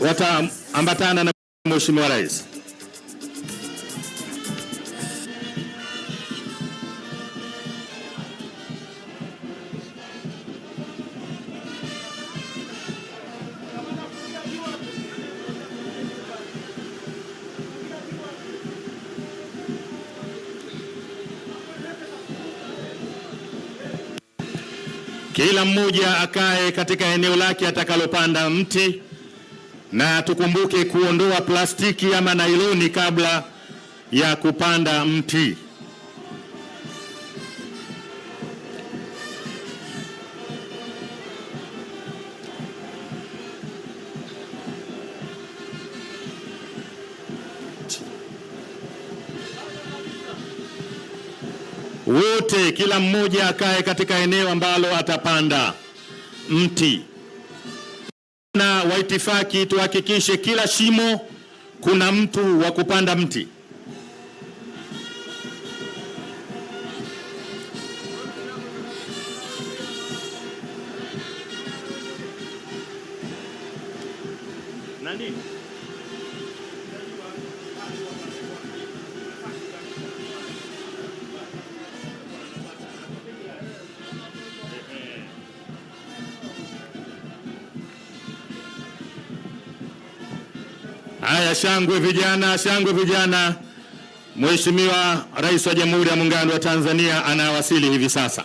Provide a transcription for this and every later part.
wataambatana na Mheshimiwa Rais. Kila mmoja akae katika eneo lake atakalopanda mti na tukumbuke kuondoa plastiki ama nailoni kabla ya kupanda mti. Wote, kila mmoja akae katika eneo ambalo atapanda mti wa itifaki tuhakikishe kila shimo kuna mtu wa kupanda mti. Nani? Haya, shangwe vijana, shangwe vijana. Mheshimiwa Rais wa Jamhuri ya Muungano wa Tanzania anawasili hivi sasa,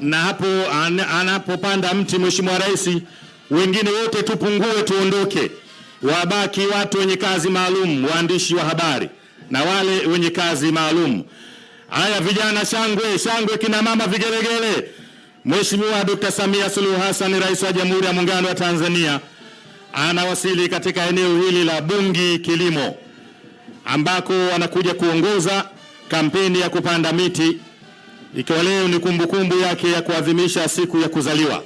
na hapo an, anapopanda mti Mheshimiwa Rais, wengine wote tupungue, tuondoke, wabaki watu wenye kazi maalum, waandishi wa habari na wale wenye kazi maalum. Haya vijana, shangwe shangwe, kina mama vigelegele Mheshimiwa Dr. Samia Suluhu Hassan, Rais wa Jamhuri ya Muungano wa Tanzania, anawasili katika eneo hili la Bungi Kilimo ambako anakuja kuongoza kampeni ya kupanda miti ikiwa leo ni kumbukumbu yake ya kuadhimisha siku ya kuzaliwa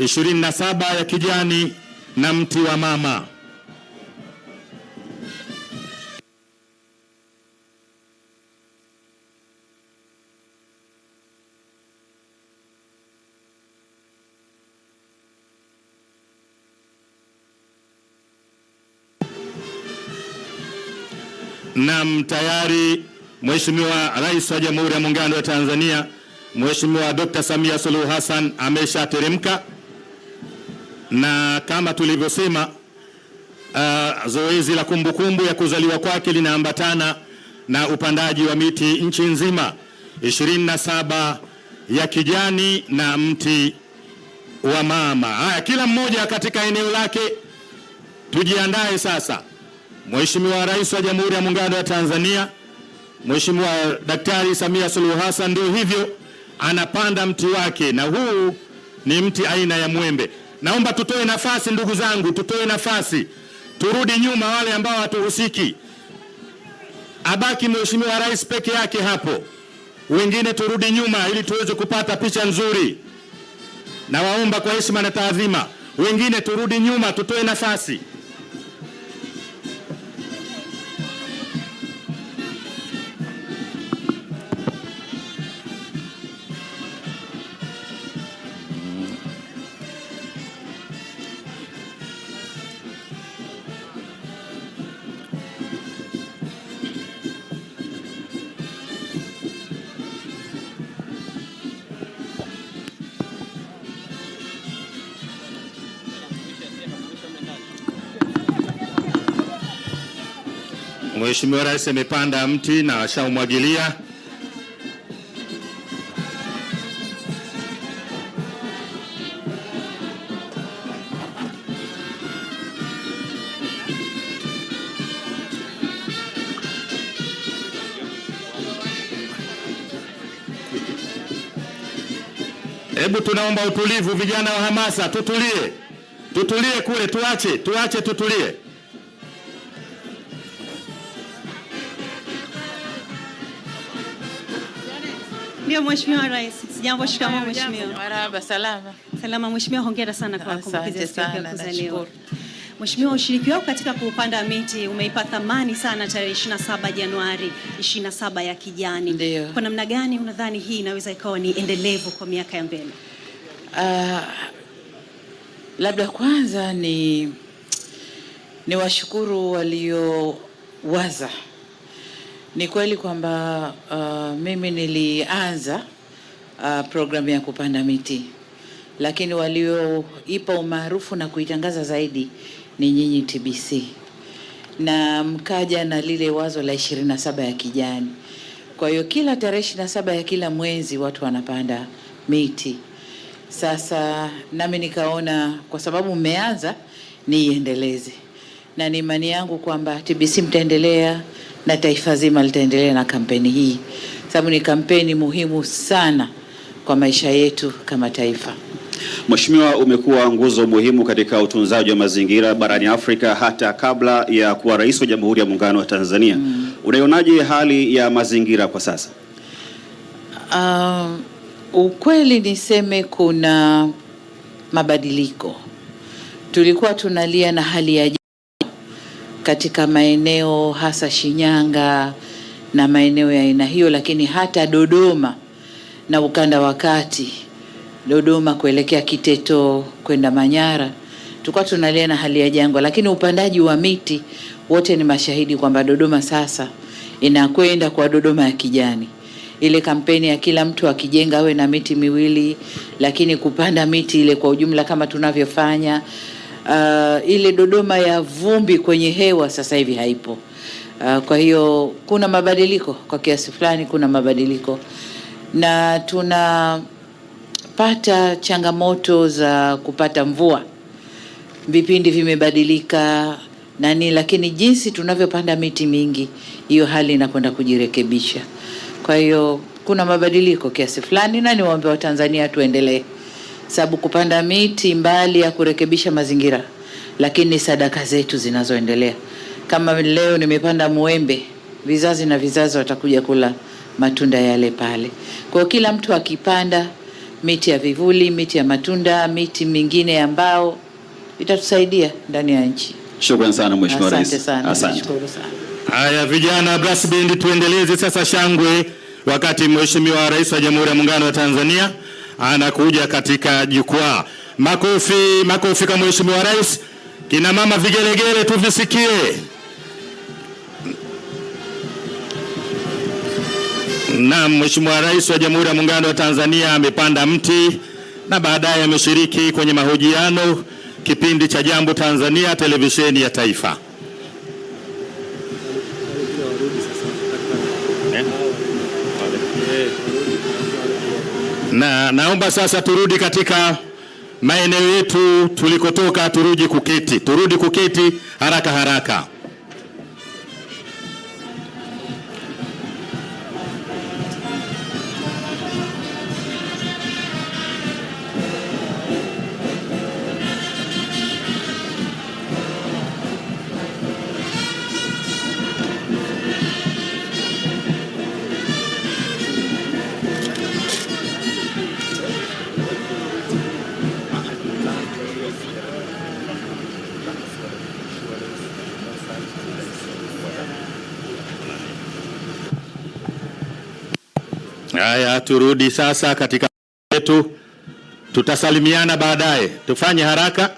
27 ya kijani na mti wa mama. Naam, tayari Mheshimiwa Rais wa Jamhuri ya Muungano wa Tanzania Mheshimiwa Dr. Samia Suluhu Hassan ameshateremka na kama tulivyosema, uh, zoezi la kumbukumbu ya kuzaliwa kwake linaambatana na upandaji wa miti nchi nzima 27 ya kijani na mti wa mama. Haya, kila mmoja katika eneo lake tujiandae sasa. Mheshimiwa Rais wa Jamhuri ya Muungano wa Tanzania, Mheshimiwa Daktari Samia Suluhu Hassan ndio hivyo anapanda mti wake, na huu ni mti aina ya mwembe. Naomba tutoe nafasi, ndugu zangu, tutoe nafasi, turudi nyuma wale ambao hatuhusiki. Abaki Mheshimiwa Rais peke yake hapo, wengine turudi nyuma ili tuweze kupata picha nzuri. Nawaomba kwa heshima na taadhima, wengine turudi nyuma, tutoe nafasi. Mheshimiwa Rais amepanda mti na ashaumwagilia. Hebu tunaomba utulivu, vijana wa hamasa, tutulie, tutulie kule, tuache tuache, tutulie. Ndio Mheshimiwa Rais. Sijambo, shikamoo Mheshimiwa. Marhaba, salama. Salama Mheshimiwa, hongera sana kwa kumbukizi siku ya kuzaliwa. Mheshimiwa, ushiriki wako katika kupanda miti umeipa thamani sana tarehe 27 Januari 27 ya kijani. Ndiyo. Kwa namna gani unadhani hii inaweza ikawa ni endelevu kwa miaka ya mbele? Uh, labda kwanza ni ni washukuru waliowaza ni kweli kwamba uh, mimi nilianza uh, programu ya kupanda miti, lakini walioipa umaarufu na kuitangaza zaidi ni nyinyi TBC, na mkaja na lile wazo la 27 ya kijani. Kwa hiyo kila tarehe saba ya kila mwezi watu wanapanda miti. Sasa nami nikaona kwa sababu mmeanza niiendeleze, na ni imani yangu kwamba TBC mtaendelea na taifa zima litaendelea na kampeni hii, sababu ni kampeni muhimu sana kwa maisha yetu kama taifa. Mheshimiwa, umekuwa nguzo muhimu katika utunzaji wa mazingira barani Afrika hata kabla ya kuwa rais wa Jamhuri ya Muungano wa Tanzania. Mm. Unaionaje hali ya mazingira kwa sasa? Uh, ukweli niseme kuna mabadiliko. Tulikuwa tunalia na hali ya katika maeneo hasa Shinyanga na maeneo ya aina hiyo, lakini hata Dodoma na ukanda wa kati, Dodoma kuelekea Kiteto kwenda Manyara, tulikuwa tunalia na hali ya jangwa, lakini upandaji wa miti wote ni mashahidi kwamba Dodoma sasa inakwenda kwa Dodoma ya kijani. Ile kampeni ya kila mtu akijenga awe na miti miwili, lakini kupanda miti ile kwa ujumla kama tunavyofanya uh, ile Dodoma ya vumbi kwenye hewa sasa hivi haipo. Uh, kwa hiyo kuna mabadiliko kwa kiasi fulani, kuna mabadiliko na tunapata changamoto za kupata mvua, vipindi vimebadilika nani, lakini jinsi tunavyopanda miti mingi, hiyo hali inakwenda kujirekebisha. Kwa hiyo kuna mabadiliko kiasi fulani, na niwaombe Watanzania tuendelee sababu kupanda miti mbali ya kurekebisha mazingira, lakini ni sadaka zetu zinazoendelea. Kama leo nimepanda mwembe, vizazi na vizazi watakuja kula matunda yale pale. Kwa hiyo kila mtu akipanda miti ya vivuli, miti ya matunda, miti mingine ya mbao itatusaidia ndani ya nchi. Shukrani sana Mheshimiwa Rais. Asante sana. Asante. Haya vijana, brass band tuendeleze sasa shangwe wakati Mheshimiwa Rais wa Jamhuri ya Muungano wa Tanzania anakuja katika jukwaa. Makofi, makofi kwa Mheshimiwa Rais. Kina mama vigelegele tu visikie. Na Mheshimiwa Rais wa Jamhuri ya Muungano wa Tanzania amepanda mti na baadaye ameshiriki kwenye mahojiano kipindi cha Jambo Tanzania televisheni ya taifa. na naomba sasa turudi katika maeneo yetu tulikotoka, turudi kuketi, turudi kuketi haraka haraka. Haya, turudi sasa katika yetu, tutasalimiana baadaye, tufanye haraka.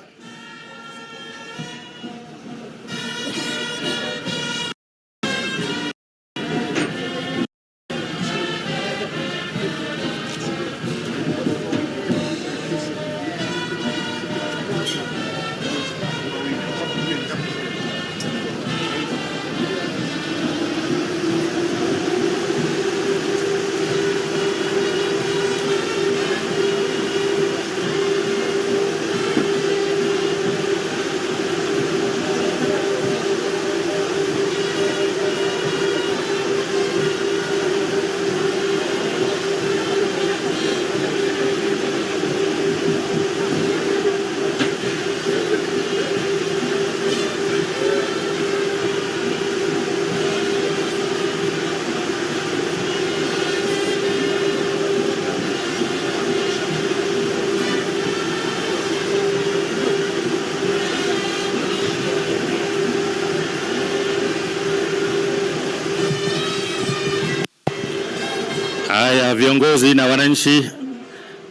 Haya, viongozi na wananchi,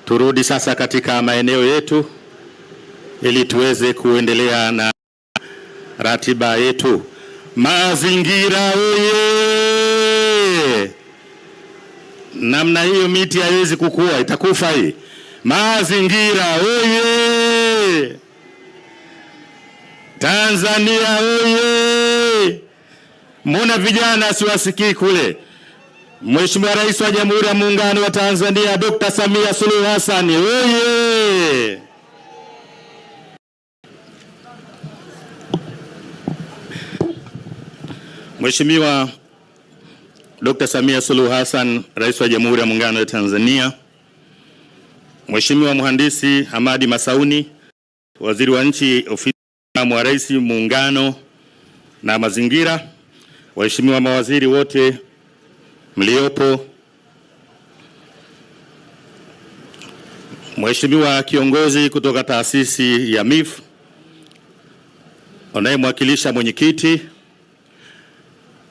turudi sasa katika maeneo yetu ili tuweze kuendelea na ratiba yetu. Mazingira oye! Namna hiyo miti haiwezi kukua, itakufa hii. Mazingira oye! Tanzania oye! Mbona vijana siwasikii kule? Mheshimiwa Rais wa Jamhuri ya Muungano wa Tanzania Dr. Samia Suluhu Hassan oye! Mheshimiwa Dr. Samia Suluhu Hassan, Rais wa Jamhuri ya Muungano wa Tanzania, Mheshimiwa Mhandisi Hamadi Masauni, Waziri wa Nchi, Ofisi ya wa Rais, Muungano na Mazingira, Waheshimiwa mawaziri wote mliopo, Mheshimiwa kiongozi kutoka taasisi ya MIF unayemwakilisha mwenyekiti,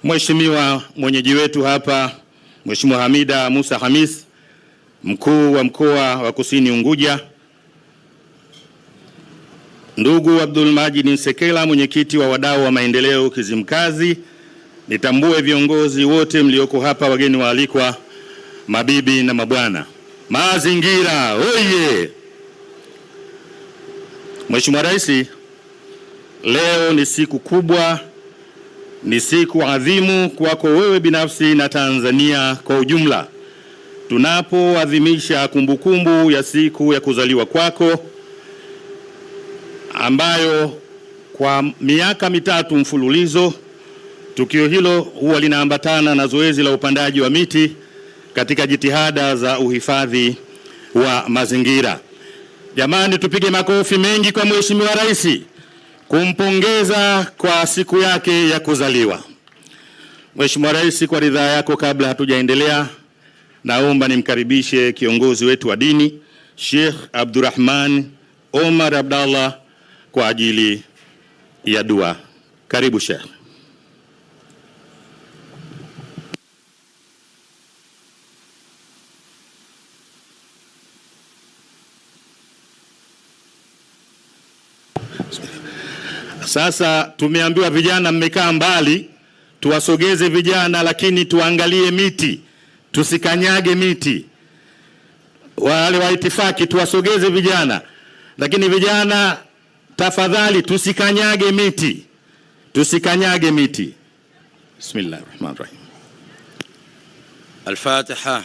Mheshimiwa mwenyeji wetu hapa Mheshimiwa Hamida Musa Hamis, mkuu wa mkoa wa Kusini Unguja, ndugu Abdul Majid Nsekela, mwenyekiti wa wadau wa maendeleo Kizimkazi Nitambue viongozi wote mlioko hapa, wageni waalikwa, mabibi na mabwana. Mazingira oye! Mheshimiwa Rais, leo ni siku kubwa, ni siku adhimu kwako wewe binafsi na Tanzania kwa ujumla, tunapoadhimisha kumbukumbu ya siku ya kuzaliwa kwako ambayo kwa miaka mitatu mfululizo Tukio hilo huwa linaambatana na zoezi la upandaji wa miti katika jitihada za uhifadhi wa mazingira. Jamani, tupige makofi mengi kwa Mheshimiwa Rais kumpongeza kwa siku yake ya kuzaliwa. Mheshimiwa Rais, kwa ridhaa yako, kabla hatujaendelea, naomba nimkaribishe kiongozi wetu wa dini Sheikh Abdurrahman Omar Abdallah kwa ajili ya dua. Karibu Sheikh. Sasa tumeambiwa vijana mmekaa mbali, tuwasogeze vijana, lakini tuangalie miti, tusikanyage miti. Wale wa itifaki tuwasogeze vijana, lakini vijana tafadhali, tusikanyage miti, tusikanyage miti. Bismillahirrahmanirrahim. Al-Fatiha.